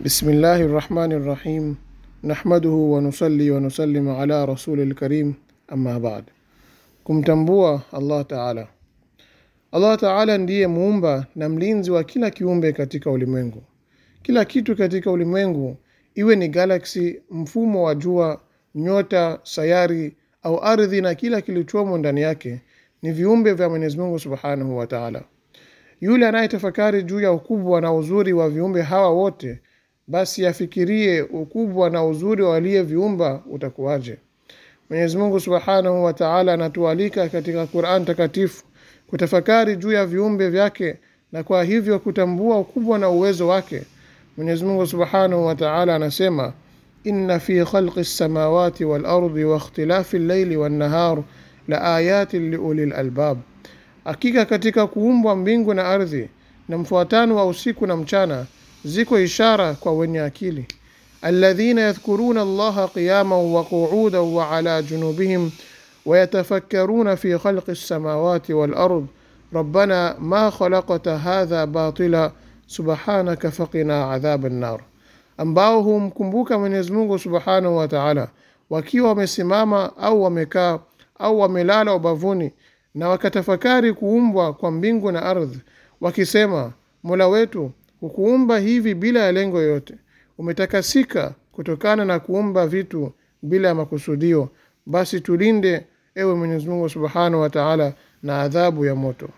Bismillahi rahmani rahim nahmaduhu wanusali wanusallimu ala rasuli lkarim amma baad. Kumtambua Allah taala. Allah taala ndiye muumba na mlinzi wa kila kiumbe katika ulimwengu. Kila kitu katika ulimwengu, iwe ni galaksi, mfumo wa jua, nyota, sayari au ardhi na kila kilichomo ndani yake, ni viumbe vya Mwenyezi Mungu subhanahu wa taala. Yule anayetafakari juu ya ukubwa na uzuri wa viumbe hawa wote basi afikirie ukubwa na uzuri wa aliyeviumba utakuwaje. Mwenyezi Mungu Subhanahu wa Ta'ala anatualika katika Qur'an takatifu kutafakari juu ya viumbe vyake na kwa hivyo kutambua ukubwa na uwezo wake. Mwenyezi Mungu Subhanahu wa Ta'ala anasema inna fi khalqi samawati wal ardi wa ikhtilafi al-layli wan nahar la ayatin liulil albab, hakika katika kuumbwa mbingu na ardhi na mfuatano wa usiku na mchana ziko ishara kwa wenye akili alladhina yadhkuruna allaha qiyaman wa qu'udan wa ala junubihim ويتفكرون في خلق السماوات والأرض ربنا ما خلقت هذا باطلا سبحانك فقنا عذاب النار ambao humkumbuka Mwenyezi Mungu Subhanahu wa Ta'ala wakiwa wamesimama au wamekaa au wamelala ubavuni na wakatafakari kuumbwa kwa mbingu na ardhi wakisema Mola wetu hukuumba hivi bila ya lengo yote umetakasika kutokana na kuumba vitu bila ya makusudio basi tulinde ewe Mwenyezi Mungu Subhanahu wa Ta'ala na adhabu ya moto